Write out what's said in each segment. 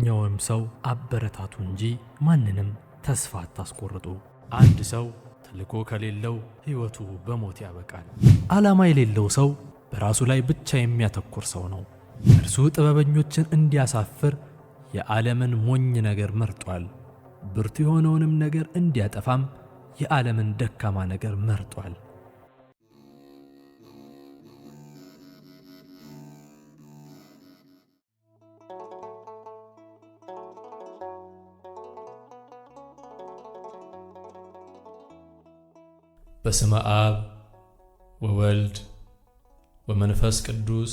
ማንኛውም ሰው አበረታቱ እንጂ ማንንም ተስፋ አታስቆርጡ። አንድ ሰው ተልዕኮ ከሌለው ሕይወቱ በሞት ያበቃል። ዓላማ የሌለው ሰው በራሱ ላይ ብቻ የሚያተኩር ሰው ነው። እርሱ ጥበበኞችን እንዲያሳፍር የዓለምን ሞኝ ነገር መርጧል። ብርቱ የሆነውንም ነገር እንዲያጠፋም የዓለምን ደካማ ነገር መርጧል። በስመ አብ ወወልድ ወመንፈስ ቅዱስ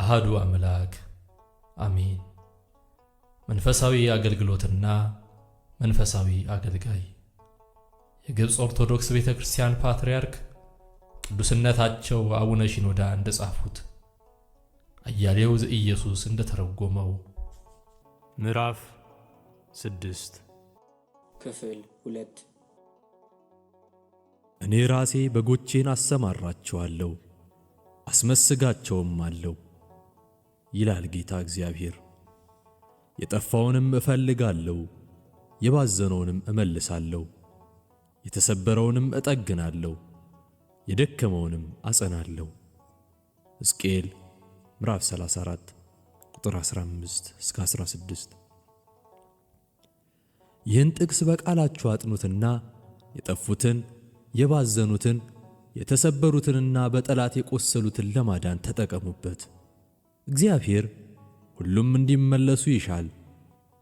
አሃዱ አምላክ አሜን። መንፈሳዊ አገልግሎትና መንፈሳዊ አገልጋይ የግብፅ ኦርቶዶክስ ቤተ ክርስቲያን ፓትርያርክ ቅዱስነታቸው አቡነ ሺኖዳ እንደጻፉት አያሌው ዘኢየሱስ እንደተረጎመው ምዕራፍ ስድስት ክፍል ሁለት እኔ ራሴ በጎቼን አሰማራቸዋለሁ አስመስጋቸውም አለው ይላል ጌታ እግዚአብሔር። የጠፋውንም እፈልጋለሁ፣ የባዘነውንም እመልሳለሁ፣ የተሰበረውንም እጠግናለሁ፣ የደከመውንም አጸናለሁ። ሕዝቅኤል ምዕራፍ 34 ቁጥር 15 እስከ 16። ይህን ጥቅስ በቃላችሁ አጥኑትና የጠፉትን የባዘኑትን የተሰበሩትንና በጠላት የቆሰሉትን ለማዳን ተጠቀሙበት። እግዚአብሔር ሁሉም እንዲመለሱ ይሻል፣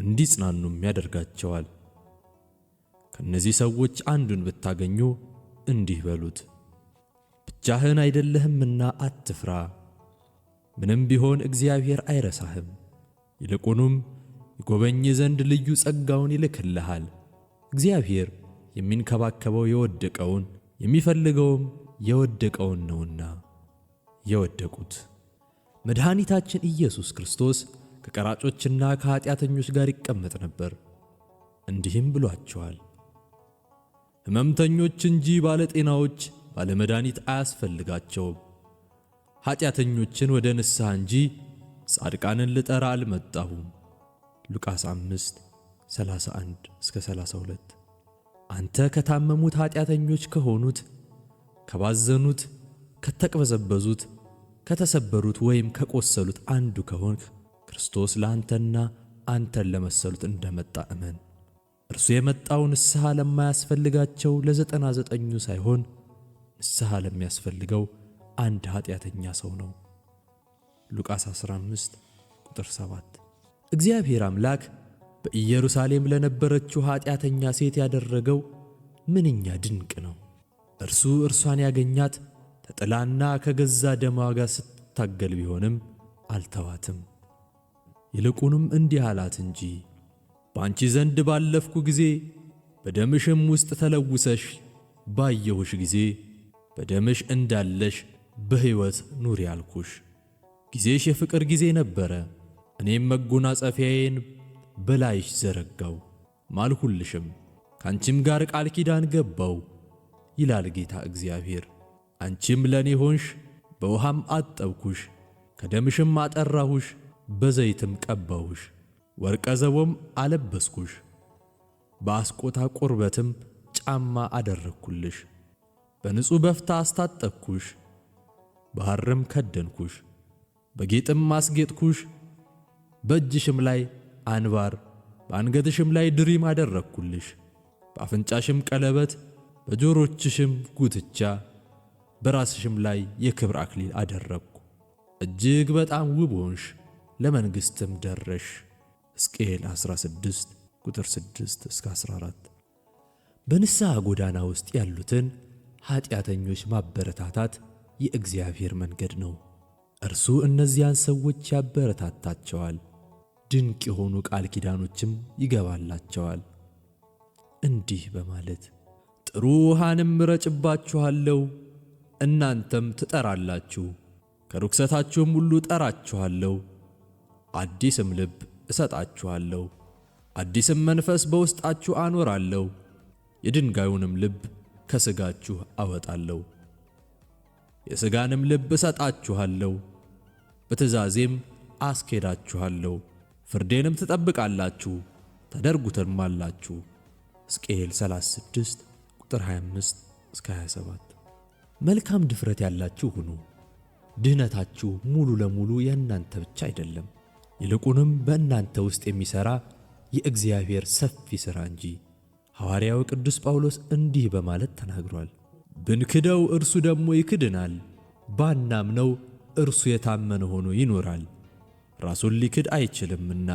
እንዲጽናኑም ያደርጋቸዋል። ከእነዚህ ሰዎች አንዱን ብታገኙ እንዲህ በሉት፣ ብቻህን አይደለህምና አትፍራ፣ ምንም ቢሆን እግዚአብሔር አይረሳህም። ይልቁንም ይጎበኝ ዘንድ ልዩ ጸጋውን ይልክልሃል። እግዚአብሔር የሚንከባከበው የወደቀውን የሚፈልገውም የወደቀውን ነውና የወደቁት መድኃኒታችን ኢየሱስ ክርስቶስ ከቀራጮችና ከኀጢአተኞች ጋር ይቀመጥ ነበር፣ እንዲህም ብሏቸዋል፦ ሕመምተኞች እንጂ ባለጤናዎች ባለመድኃኒት አያስፈልጋቸውም። ኀጢአተኞችን ወደ ንስሐ እንጂ ጻድቃንን ልጠራ አልመጣሁም። ሉቃስ 5 31 እስከ 32 አንተ ከታመሙት ኃጢአተኞች ከሆኑት ከባዘኑት፣ ከተቅበዘበዙት፣ ከተሰበሩት ወይም ከቆሰሉት አንዱ ከሆንክ ክርስቶስ ለአንተና አንተን ለመሰሉት እንደመጣ እመን። እርሱ የመጣው ንስሐ ለማያስፈልጋቸው ለዘጠና ዘጠኙ ሳይሆን ንስሐ ለሚያስፈልገው አንድ ኃጢአተኛ ሰው ነው። ሉቃስ 15 ቁጥር 7 እግዚአብሔር አምላክ በኢየሩሳሌም ለነበረችው ኃጢአተኛ ሴት ያደረገው ምንኛ ድንቅ ነው! እርሱ እርሷን ያገኛት ተጥላና ከገዛ ደሟ ጋር ስትታገል ቢሆንም አልተዋትም። ይልቁንም እንዲህ አላት እንጂ በአንቺ ዘንድ ባለፍኩ ጊዜ በደምሽም ውስጥ ተለውሰሽ ባየሁሽ ጊዜ በደምሽ እንዳለሽ በሕይወት ኑሪ አልኩሽ። ጊዜሽ የፍቅር ጊዜ ነበረ። እኔም መጎናጸፊያዬን በላይሽ ዘረጋው፣ ማልሁልሽም ከአንቺም ጋር ቃል ኪዳን ገባው ይላል ጌታ እግዚአብሔር። አንቺም ለእኔ ሆንሽ፣ በውሃም አጠብኩሽ፣ ከደምሽም አጠራሁሽ፣ በዘይትም ቀባሁሽ፣ ወርቀ ዘቦም አለበስኩሽ፣ በአስቆታ ቁርበትም ጫማ አደረግኩልሽ፣ በንጹሕ በፍታ አስታጠቅኩሽ፣ በሐርም ከደንኩሽ፣ በጌጥም አስጌጥኩሽ፣ በእጅሽም ላይ አንባር፣ በአንገትሽም ላይ ድሪም አደረግኩልሽ፣ በአፍንጫሽም ቀለበት፣ በጆሮችሽም ጉትቻ፣ በራስሽም ላይ የክብር አክሊል አደረግኩ። እጅግ በጣም ውብ ሆንሽ፣ ለመንግሥትም ደረሽ። ሕዝቅኤል 16 ቁጥር 6 እስከ 14። በንስሐ ጎዳና ውስጥ ያሉትን ኀጢአተኞች ማበረታታት የእግዚአብሔር መንገድ ነው። እርሱ እነዚያን ሰዎች ያበረታታቸዋል። ድንቅ የሆኑ ቃል ኪዳኖችም ይገባላቸዋል። እንዲህ በማለት ጥሩ ውሃንም እረጭባችኋለሁ፣ እናንተም ትጠራላችሁ፣ ከርኵሰታችሁም ሁሉ እጠራችኋለሁ፣ አዲስም ልብ እሰጣችኋለሁ፣ አዲስም መንፈስ በውስጣችሁ አኖራለሁ፣ የድንጋዩንም ልብ ከሥጋችሁ አወጣለሁ፣ የሥጋንም ልብ እሰጣችኋለሁ፣ በትእዛዜም አስኬዳችኋለሁ። ፍርዴንም ትጠብቃላችሁ አላችሁ ሕዝቅኤል 36 ቁጥር 25 እስከ 27። መልካም ድፍረት ያላችሁ ሁኑ። ድህነታችሁ ሙሉ ለሙሉ የእናንተ ብቻ አይደለም፣ ይልቁንም በእናንተ ውስጥ የሚሠራ የእግዚአብሔር ሰፊ ሥራ እንጂ። ሐዋርያው ቅዱስ ጳውሎስ እንዲህ በማለት ተናግሯል። ብንክደው እርሱ ደግሞ ይክድናል፣ ባናምነው እርሱ የታመነ ሆኖ ይኖራል። ራሱን ሊክድ አይችልምና።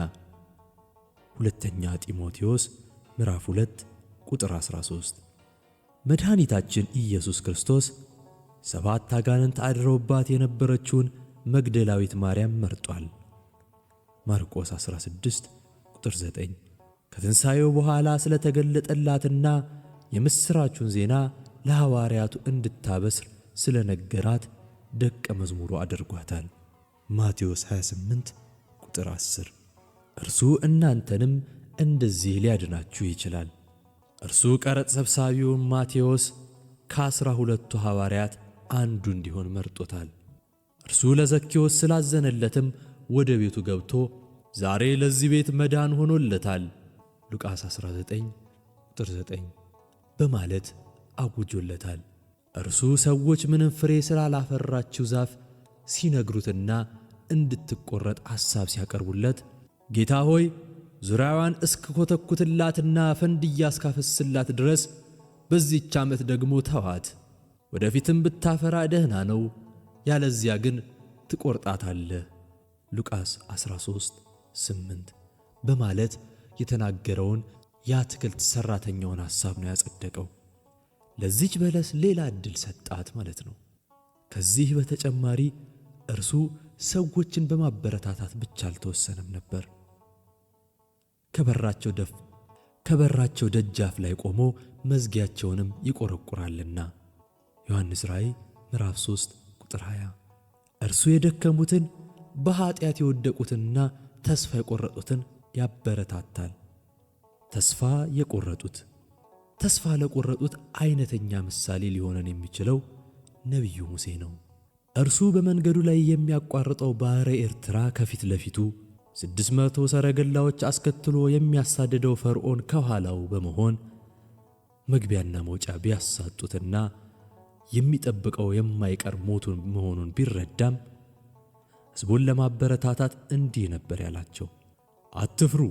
ሁለተኛ ጢሞቴዎስ ምዕራፍ 2 ቁጥር 13። መድኃኒታችን ኢየሱስ ክርስቶስ ሰባት አጋንንት አድረውባት የነበረችውን መግደላዊት ማርያም መርጧል። ማርቆስ 16 ቁጥር 9። ከትንሣኤው በኋላ ስለተገለጠላትና የምሥራቹን ዜና ለሐዋርያቱ እንድታበስር ስለነገራት ደቀ መዝሙሩ አድርጓታል። ማቴዎስ 28 ቁጥር 10። እርሱ እናንተንም እንደዚህ ሊያድናችሁ ይችላል። እርሱ ቀረጥ ሰብሳቢውን ማቴዎስ ከአስራ ሁለቱ ሐዋርያት አንዱ እንዲሆን መርጦታል። እርሱ ለዘኪዎስ ስላዘነለትም ወደ ቤቱ ገብቶ ዛሬ ለዚህ ቤት መዳን ሆኖለታል ሉቃስ 19 ቁጥር 9 በማለት አውጆለታል። እርሱ ሰዎች ምንም ፍሬ ስላላፈራችው ዛፍ ሲነግሩትና እንድትቆረጥ ሐሳብ ሲያቀርቡለት ጌታ ሆይ ዙሪያዋን እስክኮተኩትላትና ፈንድያ እስካፈስላት ድረስ በዚህች ዓመት ደግሞ ተዋት፣ ወደፊትም ብታፈራ ደህና ነው፣ ያለዚያ ግን ትቆርጣታለህ ሉቃስ 13 8 በማለት የተናገረውን የአትክልት ሠራተኛውን ሐሳብ ነው ያጸደቀው። ለዚች በለስ ሌላ ዕድል ሰጣት ማለት ነው። ከዚህ በተጨማሪ እርሱ ሰዎችን በማበረታታት ብቻ አልተወሰነም ነበር። ከበራቸው ደፍ ከበራቸው ደጃፍ ላይ ቆሞ መዝጊያቸውንም ይቆረቁራልና ዮሐንስ ራእይ ምዕራፍ 3 ቁጥር 20። እርሱ የደከሙትን በኃጢአት የወደቁትንና ተስፋ የቆረጡትን ያበረታታል። ተስፋ የቆረጡት ተስፋ ለቆረጡት አይነተኛ ምሳሌ ሊሆነን የሚችለው ነቢዩ ሙሴ ነው። እርሱ በመንገዱ ላይ የሚያቋርጠው ባሕረ ኤርትራ ከፊት ለፊቱ፣ ስድስት መቶ ሰረገላዎች አስከትሎ የሚያሳድደው ፈርዖን ከኋላው በመሆን መግቢያና መውጫ ቢያሳጡትና የሚጠብቀው የማይቀር ሞቱን መሆኑን ቢረዳም ሕዝቡን ለማበረታታት እንዲህ ነበር ያላቸው፦ አትፍሩ፣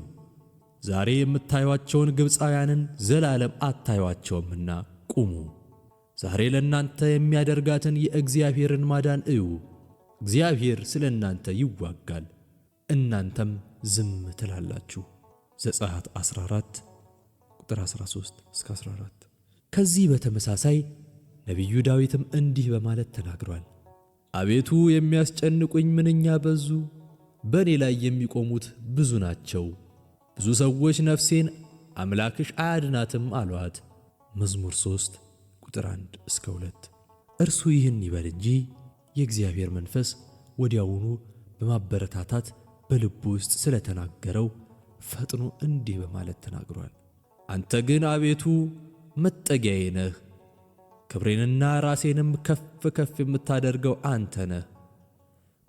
ዛሬ የምታዩአቸውን ግብፃውያንን ዘላለም አታዩአቸውምና ቁሙ። ዛሬ ለእናንተ የሚያደርጋትን የእግዚአብሔርን ማዳን እዩ። እግዚአብሔር ስለ እናንተ ይዋጋል፣ እናንተም ዝም ትላላችሁ። ዘጸአት 14 ቁጥር 13 እስከ 14። ከዚህ በተመሳሳይ ነቢዩ ዳዊትም እንዲህ በማለት ተናግሯል። አቤቱ የሚያስጨንቁኝ ምንኛ በዙ፣ በእኔ ላይ የሚቆሙት ብዙ ናቸው። ብዙ ሰዎች ነፍሴን አምላክሽ አያድናትም አሏት። መዝሙር 3 ቁጥር 1 እስከ 2 እርሱ ይህን ይበል እንጂ የእግዚአብሔር መንፈስ ወዲያውኑ በማበረታታት በልቡ ውስጥ ስለተናገረው ፈጥኖ እንዲህ በማለት ተናግሯል። አንተ ግን አቤቱ መጠጊያዬ ነህ፣ ክብሬንና ራሴንም ከፍ ከፍ የምታደርገው አንተ ነህ።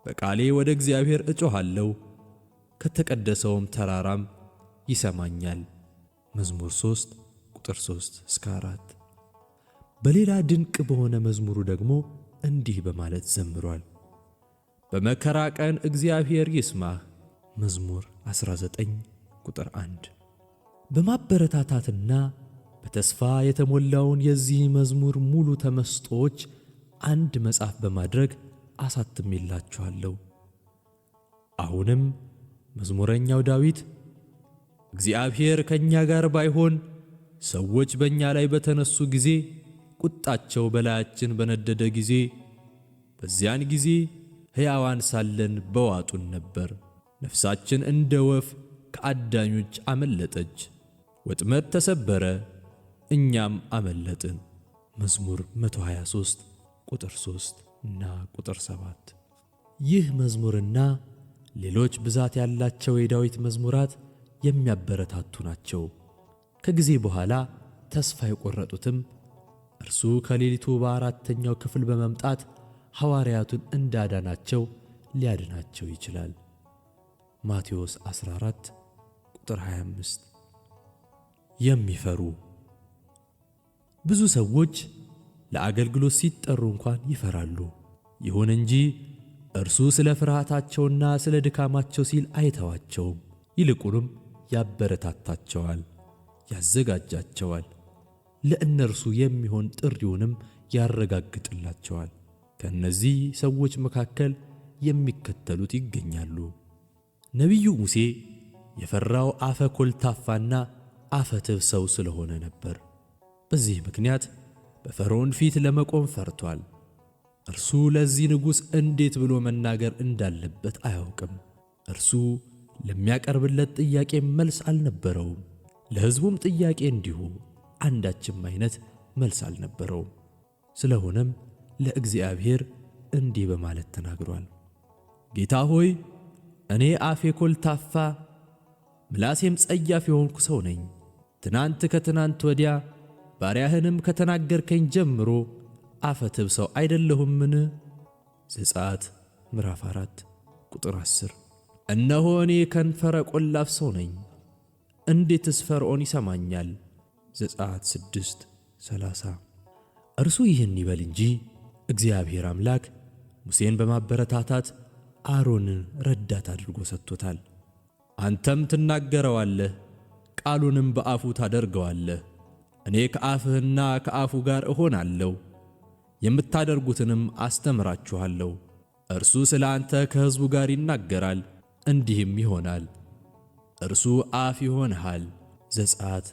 በቃሌ ወደ እግዚአብሔር እጮኻለሁ፣ ከተቀደሰውም ተራራም ይሰማኛል። መዝሙር 3 ቁጥር 3 እስከ 4 በሌላ ድንቅ በሆነ መዝሙሩ ደግሞ እንዲህ በማለት ዘምሯል። በመከራ ቀን እግዚአብሔር ይስማህ መዝሙር 19 ቁጥር 1። በማበረታታትና በተስፋ የተሞላውን የዚህ መዝሙር ሙሉ ተመስጦዎች አንድ መጽሐፍ በማድረግ አሳትሜላችኋለሁ። አሁንም መዝሙረኛው ዳዊት እግዚአብሔር ከእኛ ጋር ባይሆን ሰዎች በእኛ ላይ በተነሱ ጊዜ ቁጣቸው በላያችን በነደደ ጊዜ በዚያን ጊዜ ሕያዋን ሳለን በዋጡን ነበር። ነፍሳችን እንደ ወፍ ከአዳኞች አመለጠች። ወጥመድ ተሰበረ፣ እኛም አመለጥን። መዝሙር 123 ቁጥር 3 እና ቁጥር 7። ይህ መዝሙርና ሌሎች ብዛት ያላቸው የዳዊት መዝሙራት የሚያበረታቱ ናቸው። ከጊዜ በኋላ ተስፋ የቆረጡትም እርሱ ከሌሊቱ በአራተኛው ክፍል በመምጣት ሐዋርያቱን እንዳዳናቸው ሊያድናቸው ይችላል። ማቴዎስ 14 ቁጥር 25። የሚፈሩ ብዙ ሰዎች ለአገልግሎት ሲጠሩ እንኳን ይፈራሉ። ይሁን እንጂ እርሱ ስለ ፍርሃታቸውና ስለ ድካማቸው ሲል አይተዋቸውም። ይልቁንም ያበረታታቸዋል፣ ያዘጋጃቸዋል። ለእነርሱ የሚሆን ጥሪውንም ያረጋግጥላቸዋል። ከእነዚህ ሰዎች መካከል የሚከተሉት ይገኛሉ። ነቢዩ ሙሴ የፈራው አፈ ኮልታፋና አፈ ትብ ሰው ስለሆነ ነበር። በዚህ ምክንያት በፈርዖን ፊት ለመቆም ፈርቷል። እርሱ ለዚህ ንጉሥ እንዴት ብሎ መናገር እንዳለበት አያውቅም። እርሱ ለሚያቀርብለት ጥያቄ መልስ አልነበረውም፣ ለሕዝቡም ጥያቄ እንዲሁ። አንዳችም አይነት መልስ አልነበረውም። ስለሆነም ለእግዚአብሔር እንዲህ በማለት ተናግሯል። ጌታ ሆይ እኔ አፌ ኮልታፋ ምላሴም ጸያፍ የሆንኩ ሰው ነኝ። ትናንት ከትናንት ወዲያ ባሪያህንም ከተናገርከኝ ጀምሮ አፈትብ ሰው አይደለሁምን? ዘጸአት ምዕራፍ 4 ቁጥር 10። እነሆ እኔ ከንፈረ ቈላፍ ሰው ነኝ። እንዴትስ ፈርዖን ይሰማኛል? ዘጸአት 6 30 እርሱ ይህን ይበል እንጂ እግዚአብሔር አምላክ ሙሴን በማበረታታት አሮንን ረዳት አድርጎ ሰጥቶታል። አንተም ትናገረዋለህ፣ ቃሉንም በአፉ ታደርገዋለህ፣ እኔ ከአፍህና ከአፉ ጋር እሆናለሁ፣ የምታደርጉትንም አስተምራችኋለሁ። እርሱ ስለ አንተ ከሕዝቡ ጋር ይናገራል፣ እንዲህም ይሆናል። እርሱ አፍ ይሆንሃል። ዘጸአት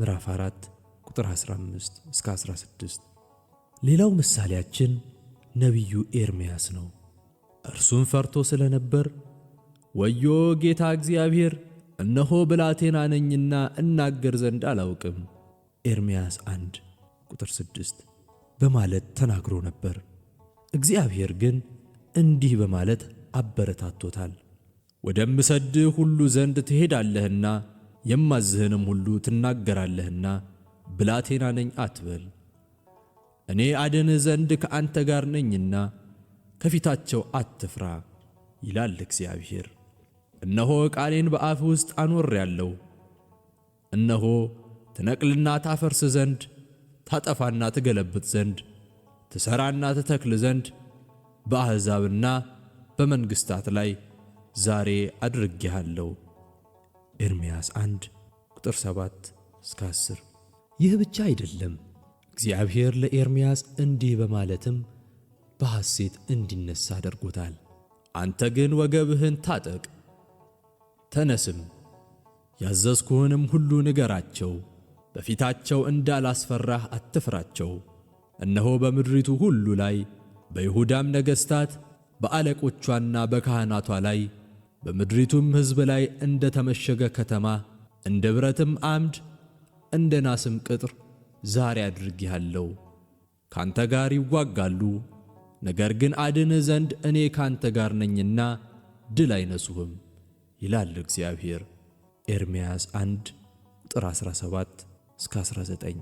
ምዕራፍ 4 ቁጥር 15 እስከ 16። ሌላው ምሳሌያችን ነቢዩ ኤርምያስ ነው። እርሱም ፈርቶ ስለነበር ወዮ ጌታ እግዚአብሔር፣ እነሆ ብላቴና ነኝና እናገር ዘንድ አላውቅም ኤርምያስ 1 ቁጥር 6 በማለት ተናግሮ ነበር። እግዚአብሔር ግን እንዲህ በማለት አበረታቶታል። ወደምሰድህ ሁሉ ዘንድ ትሄዳለህና የማዝህንም ሁሉ ትናገራለህና ብላቴና ነኝ አትበል። እኔ አድንህ ዘንድ ከአንተ ጋር ነኝና ከፊታቸው አትፍራ ይላል እግዚአብሔር። እነሆ ቃሌን በአፍ ውስጥ አኖሬአለሁ። እነሆ ትነቅልና ታፈርስ ዘንድ ታጠፋና ትገለብጥ ዘንድ ትሠራና ትተክል ዘንድ በአሕዛብና በመንግሥታት ላይ ዛሬ አድርጌሃለሁ። ኤርምያስ 1 ቁጥር 7 እስከ 10። ይህ ብቻ አይደለም፣ እግዚአብሔር ለኤርምያስ እንዲህ በማለትም በሐሴት እንዲነሳ አድርጎታል። አንተ ግን ወገብህን ታጠቅ፣ ተነስም፣ ያዘዝኩህንም ሁሉ ንገራቸው፣ በፊታቸው እንዳላስፈራህ አትፍራቸው። እነሆ በምድሪቱ ሁሉ ላይ በይሁዳም ነገሥታት በአለቆቿና በካህናቷ ላይ በምድሪቱም ሕዝብ ላይ እንደ ተመሸገ ከተማ፣ እንደ ብረትም አምድ፣ እንደ ናስም ቅጥር ዛሬ አድርጌሃለሁ። ካንተ ጋር ይዋጋሉ፣ ነገር ግን አድን ዘንድ እኔ ካንተ ጋር ነኝና ድል አይነሱህም ይላል እግዚአብሔር። ኤርምያስ 1 ቁጥር 17 እስከ 19።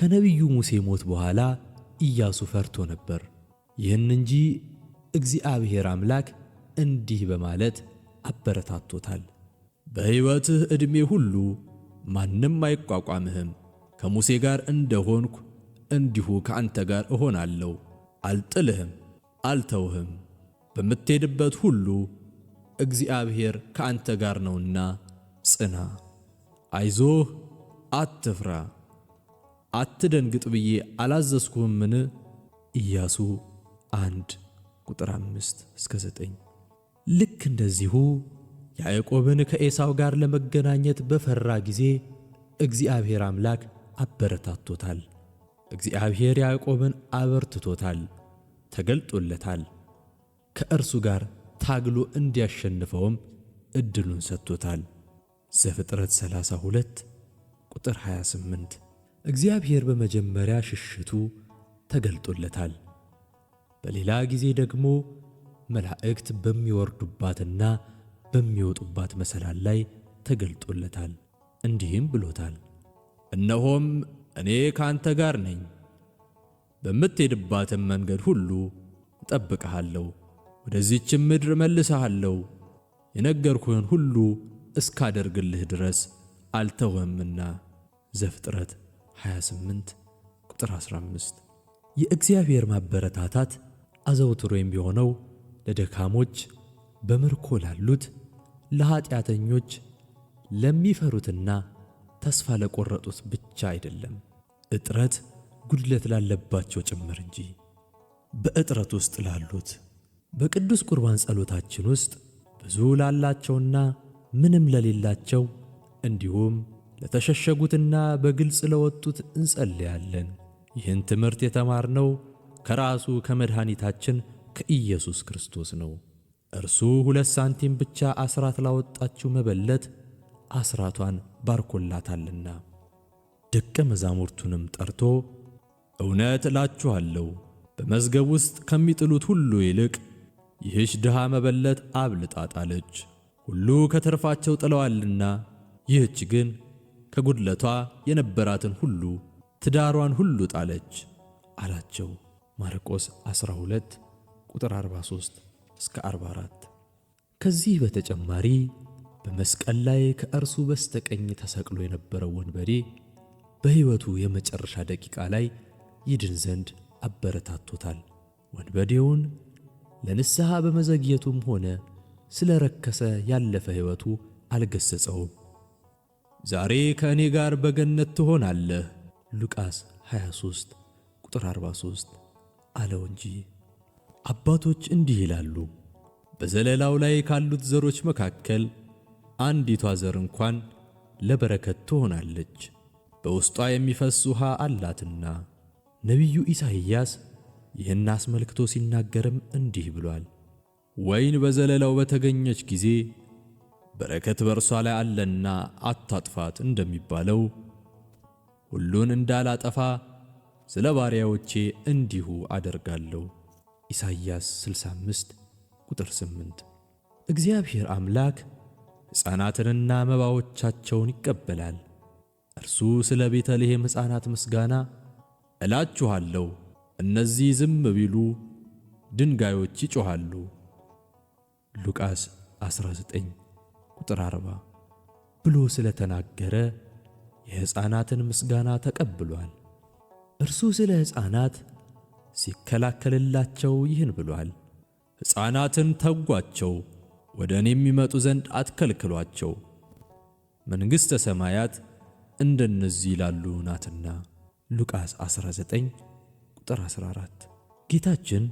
ከነቢዩ ሙሴ ሞት በኋላ ኢያሱ ፈርቶ ነበር። ይህን እንጂ እግዚአብሔር አምላክ እንዲህ በማለት አበረታቶታል። በሕይወትህ ዕድሜ ሁሉ ማንም አይቋቋምህም። ከሙሴ ጋር እንደሆንኩ እንዲሁ ከአንተ ጋር እሆናለሁ። አልጥልህም፣ አልተውህም። በምትሄድበት ሁሉ እግዚአብሔር ከአንተ ጋር ነውና ጽና። አይዞህ፣ አትፍራ፣ አትደንግጥ ብዬ አላዘዝኩህምን? ኢያሱ አንድ ቁጥር 5 እስከ 9 ልክ እንደዚሁ ያዕቆብን ከኤሳው ጋር ለመገናኘት በፈራ ጊዜ እግዚአብሔር አምላክ አበረታቶታል። እግዚአብሔር ያዕቆብን አበርትቶታል፣ ተገልጦለታል። ከእርሱ ጋር ታግሎ እንዲያሸንፈውም እድሉን ሰጥቶታል። ዘፍጥረት 32 ቁጥር 28። እግዚአብሔር በመጀመሪያ ሽሽቱ ተገልጦለታል፣ በሌላ ጊዜ ደግሞ መላእክት በሚወርዱባትና በሚወጡባት መሰላል ላይ ተገልጦለታል። እንዲህም ብሎታል፣ እነሆም እኔ ካንተ ጋር ነኝ፣ በምትሄድባትም መንገድ ሁሉ እጠብቅሃለሁ፣ ወደዚችም ምድር መልሰሃለሁ፣ የነገርኩህን ሁሉ እስካደርግልህ ድረስ አልተወምና። ዘፍጥረት 28 ቁጥር 15 የእግዚአብሔር ማበረታታት አዘውትሮ የሚሆነው ለደካሞች፣ በምርኮ ላሉት፣ ለኃጢአተኞች፣ ለሚፈሩትና ተስፋ ለቆረጡት ብቻ አይደለም፤ እጥረት ጉድለት ላለባቸው ጭምር እንጂ። በእጥረት ውስጥ ላሉት በቅዱስ ቁርባን ጸሎታችን ውስጥ ብዙ ላላቸውና ምንም ለሌላቸው እንዲሁም ለተሸሸጉትና በግልጽ ለወጡት እንጸልያለን። ይህን ትምህርት የተማርነው ከራሱ ከመድኃኒታችን ከኢየሱስ ክርስቶስ ነው። እርሱ ሁለት ሳንቲም ብቻ አስራት ላወጣችው መበለት አስራቷን ባርኮላታልና። ደቀ መዛሙርቱንም ጠርቶ እውነት እላችኋለሁ በመዝገብ ውስጥ ከሚጥሉት ሁሉ ይልቅ ይህች ድሃ መበለት አብልጣ ጣለች። ሁሉ ከተርፋቸው ጥለዋልና፣ ይህች ግን ከጉድለቷ የነበራትን ሁሉ ትዳሯን ሁሉ ጣለች አላቸው። ማርቆስ 12 ቁጥር 43 እስከ 44። ከዚህ በተጨማሪ በመስቀል ላይ ከእርሱ በስተቀኝ ተሰቅሎ የነበረው ወንበዴ በሕይወቱ የመጨረሻ ደቂቃ ላይ ይድን ዘንድ አበረታቶታል። ወንበዴውን ለንስሐ በመዘግየቱም ሆነ ስለ ረከሰ ያለፈ ሕይወቱ አልገሰጸውም። ዛሬ ከእኔ ጋር በገነት ትሆናለህ ሉቃስ 23 ቁጥር 43 አለው እንጂ አባቶች እንዲህ ይላሉ፣ በዘለላው ላይ ካሉት ዘሮች መካከል አንዲቷ ዘር እንኳን ለበረከት ትሆናለች፣ በውስጧ የሚፈስ ውሃ አላትና። ነቢዩ ኢሳይያስ ይህን አስመልክቶ ሲናገርም እንዲህ ብሏል፣ ወይን በዘለላው በተገኘች ጊዜ በረከት በእርሷ ላይ አለና አታጥፋት እንደሚባለው ሁሉን እንዳላጠፋ ስለ ባሪያዎቼ እንዲሁ አደርጋለሁ። ኢሳይያስ 65 ቁጥር 8። እግዚአብሔር አምላክ ሕፃናትንና መባዎቻቸውን ይቀበላል። እርሱ ስለ ቤተልሔም ሕፃናት ምስጋና እላችኋለሁ፣ እነዚህ ዝም ቢሉ ድንጋዮች ይጮኻሉ። ሉቃስ 19 ቁጥር 40 ብሎ ስለተናገረ የሕፃናትን ምስጋና ተቀብሏል። እርሱ ስለ ሕፃናት ሲከላከልላቸው ይህን ብሏል። ሕፃናትን ተጓቸው፣ ወደ እኔ የሚመጡ ዘንድ አትከልክሏቸው፣ መንግሥተ ሰማያት እንደነዚህ ይላሉ ናትና። ሉቃስ 19 ቁጥር 14 ጌታችን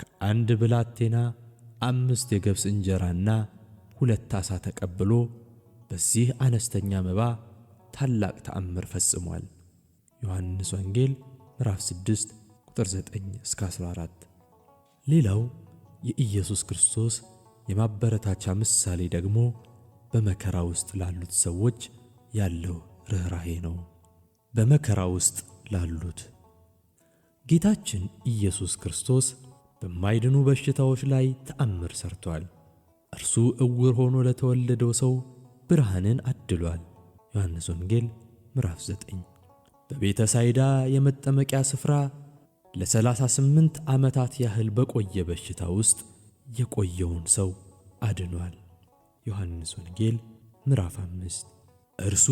ከአንድ ብላቴና አምስት የገብስ እንጀራና ሁለት ዓሣ ተቀብሎ በዚህ አነስተኛ መባ ታላቅ ተአምር ፈጽሟል። ዮሐንስ ወንጌል ምዕራፍ 6 ቁጥር 9 እስከ 14። ሌላው የኢየሱስ ክርስቶስ የማበረታቻ ምሳሌ ደግሞ በመከራ ውስጥ ላሉት ሰዎች ያለው ርኅራሄ ነው። በመከራ ውስጥ ላሉት ጌታችን ኢየሱስ ክርስቶስ በማይድኑ በሽታዎች ላይ ተአምር ሰርቷል። እርሱ እውር ሆኖ ለተወለደው ሰው ብርሃንን አድሏል። ዮሐንስ ወንጌል ምዕራፍ 9 በቤተ ሳይዳ የመጠመቂያ ስፍራ ለ38 ዓመታት ያህል በቆየ በሽታ ውስጥ የቆየውን ሰው አድኗል። ዮሐንስ ወንጌል ምዕራፍ 5። እርሱ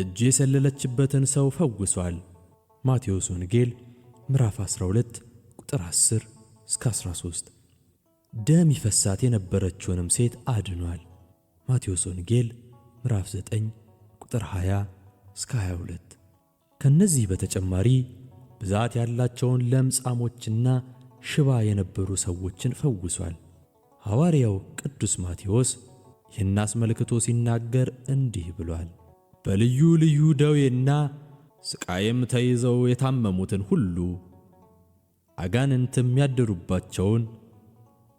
እጅ የሰለለችበትን ሰው ፈውሷል። ማቴዎስ ወንጌል ምዕራፍ 12 ቁጥር 10 እስከ 13። ደም ይፈሳት የነበረችውንም ሴት አድኗል። ማቴዎስ ወንጌል ምዕራፍ 9 ቁጥር 20 እስከ 22። ከነዚህ በተጨማሪ ብዛት ያላቸውን ለምጻሞችና ሽባ የነበሩ ሰዎችን ፈውሷል። ሐዋርያው ቅዱስ ማቴዎስ ይህን አስመልክቶ ሲናገር እንዲህ ብሏል። በልዩ ልዩ ደዌና ሥቃይም ተይዘው የታመሙትን ሁሉ አጋንንትም ያደሩባቸውን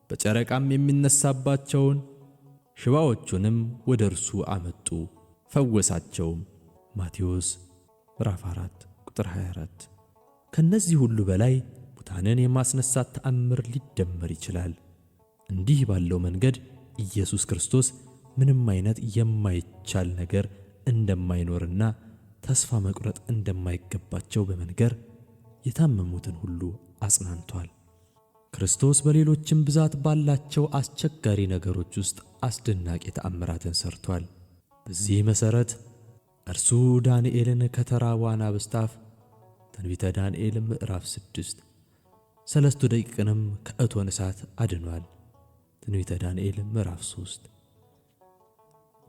በጨረቃም የሚነሳባቸውን ሽባዎቹንም ወደ እርሱ አመጡ ፈወሳቸውም። ማቴዎስ ምዕራፍ 4 ቁጥር 24 ከነዚህ ሁሉ በላይ ሙታንን የማስነሳት ተአምር ሊደመር ይችላል። እንዲህ ባለው መንገድ ኢየሱስ ክርስቶስ ምንም አይነት የማይቻል ነገር እንደማይኖርና ተስፋ መቁረጥ እንደማይገባቸው በመንገር የታመሙትን ሁሉ አጽናንቷል። ክርስቶስ በሌሎችም ብዛት ባላቸው አስቸጋሪ ነገሮች ውስጥ አስደናቂ ተአምራትን ሰርቷል። በዚህ መሠረት እርሱ ዳንኤልን ከተራ ዋና በስታፍ ትንቢተ ዳንኤል ምዕራፍ 6 ሰለስቱ ደቂቅንም ከእቶን እሳት አድኗል። ትንቢተ ዳንኤል ምዕራፍ 3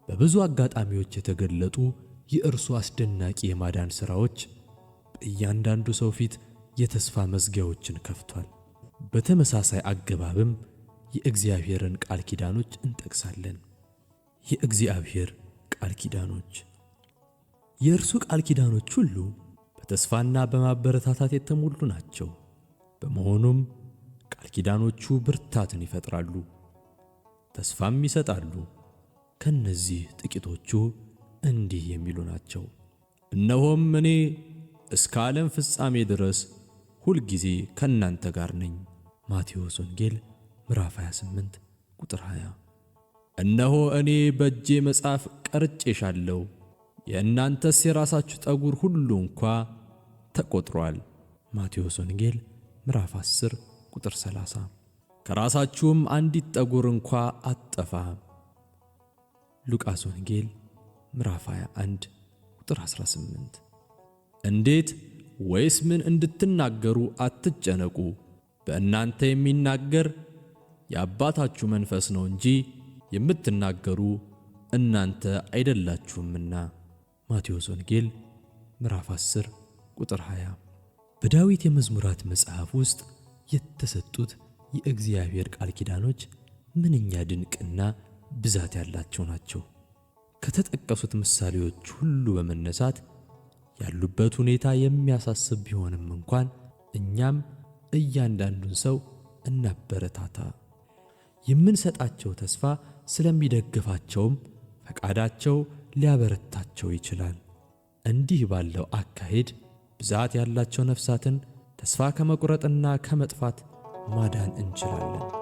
በብዙ አጋጣሚዎች የተገለጡ የእርሱ አስደናቂ የማዳን ሥራዎች በእያንዳንዱ ሰው ፊት የተስፋ መዝጊያዎችን ከፍቷል። በተመሳሳይ አገባብም የእግዚአብሔርን ቃል ኪዳኖች እንጠቅሳለን። የእግዚአብሔር ቃል ኪዳኖች የእርሱ ቃል ኪዳኖች ሁሉ በተስፋና በማበረታታት የተሞሉ ናቸው። በመሆኑም ቃል ኪዳኖቹ ብርታትን ይፈጥራሉ፣ ተስፋም ይሰጣሉ። ከነዚህ ጥቂቶቹ እንዲህ የሚሉ ናቸው። እነሆም እኔ እስከ ዓለም ፍጻሜ ድረስ ሁልጊዜ ከእናንተ ጋር ነኝ። ማቴዎስ ወንጌል ምዕራፍ 28 ቁጥር 20። እነሆ እኔ በእጄ መጽሐፍ ቀርጬሻለሁ የእናንተስ የራሳችሁ ጠጉር ሁሉ እንኳ ተቆጥሯል። ማቴዎስ ወንጌል ምዕራፍ 10 ቁጥር 30። ከራሳችሁም አንዲት ጠጉር እንኳ አጠፋ ሉቃስ ወንጌል ምዕራፍ 21 ቁጥር 18። እንዴት ወይስ ምን እንድትናገሩ አትጨነቁ። በእናንተ የሚናገር የአባታችሁ መንፈስ ነው እንጂ የምትናገሩ እናንተ አይደላችሁምና። ማቴዎስ ወንጌል ምዕራፍ 10 ቁጥር 20። በዳዊት የመዝሙራት መጽሐፍ ውስጥ የተሰጡት የእግዚአብሔር ቃል ኪዳኖች ምንኛ ድንቅና ብዛት ያላቸው ናቸው! ከተጠቀሱት ምሳሌዎች ሁሉ በመነሳት ያሉበት ሁኔታ የሚያሳስብ ቢሆንም እንኳን እኛም እያንዳንዱን ሰው እናበረታታ። የምንሰጣቸው ተስፋ ስለሚደግፋቸውም ፈቃዳቸው ሊያበረታቸው ይችላል። እንዲህ ባለው አካሄድ ብዛት ያላቸው ነፍሳትን ተስፋ ከመቁረጥና ከመጥፋት ማዳን እንችላለን።